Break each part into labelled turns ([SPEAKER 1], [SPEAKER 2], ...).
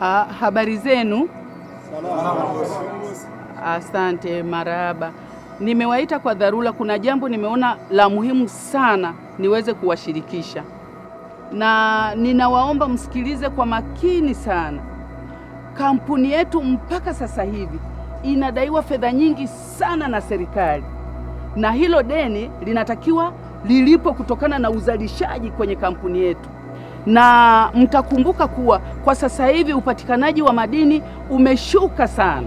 [SPEAKER 1] Ah, habari zenu? Asante, marahaba. Nimewaita kwa dharura, kuna jambo nimeona la muhimu sana niweze kuwashirikisha, na ninawaomba msikilize kwa makini sana. Kampuni yetu mpaka sasa hivi inadaiwa fedha nyingi sana na serikali, na hilo deni linatakiwa lilipo kutokana na uzalishaji kwenye kampuni yetu na mtakumbuka kuwa kwa sasa hivi upatikanaji wa madini umeshuka sana.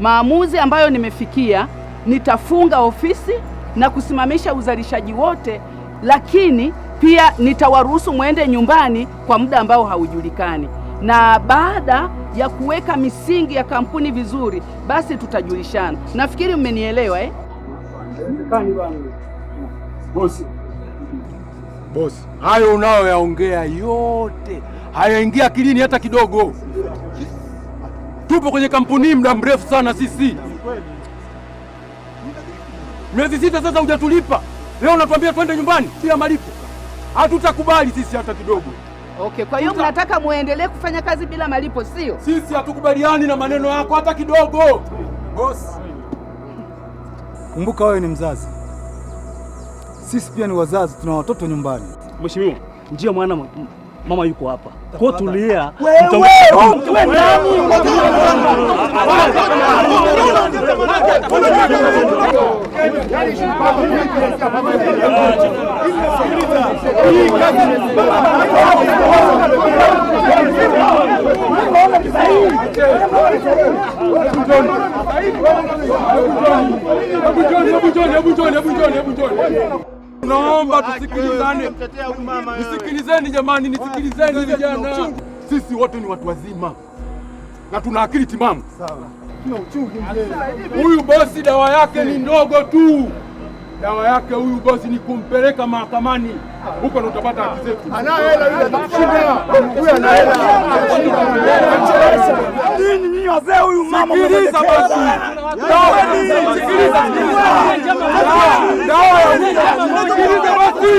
[SPEAKER 1] Maamuzi ambayo nimefikia, nitafunga ofisi na kusimamisha uzalishaji wote, lakini pia nitawaruhusu mwende nyumbani kwa muda ambao haujulikani, na baada ya kuweka misingi ya kampuni vizuri, basi tutajulishana. Nafikiri mmenielewa eh?
[SPEAKER 2] Bosi, hayo unayoyaongea yote hayaingia akilini hata kidogo. Tupo kwenye kampuni muda mrefu sana sisi, miezi sita sasa hujatulipa. Leo unatuambia twende nyumbani bila malipo? Hatutakubali sisi hata kidogo.
[SPEAKER 1] Okay, kwa hiyo mnataka muendelee kufanya kazi bila malipo, sio?
[SPEAKER 2] Sisi hatukubaliani na maneno yako hata kidogo, bosi.
[SPEAKER 3] Kumbuka wewe ni mzazi sisi pia ni wazazi, tuna watoto nyumbani.
[SPEAKER 4] Mheshimiwa, njia mwana mama yuko hapa. Kwa tulia
[SPEAKER 2] tunaomba tusikilizane, nisikilizeni jamani, nisikilizeni vijana, sisi wote ni watu wazima na tuna akili timamu. Huyu bosi dawa yake ni ndogo tu, dawa yake huyu bosi ni kumpeleka mahakamani, huko ndo utapata haki zetu.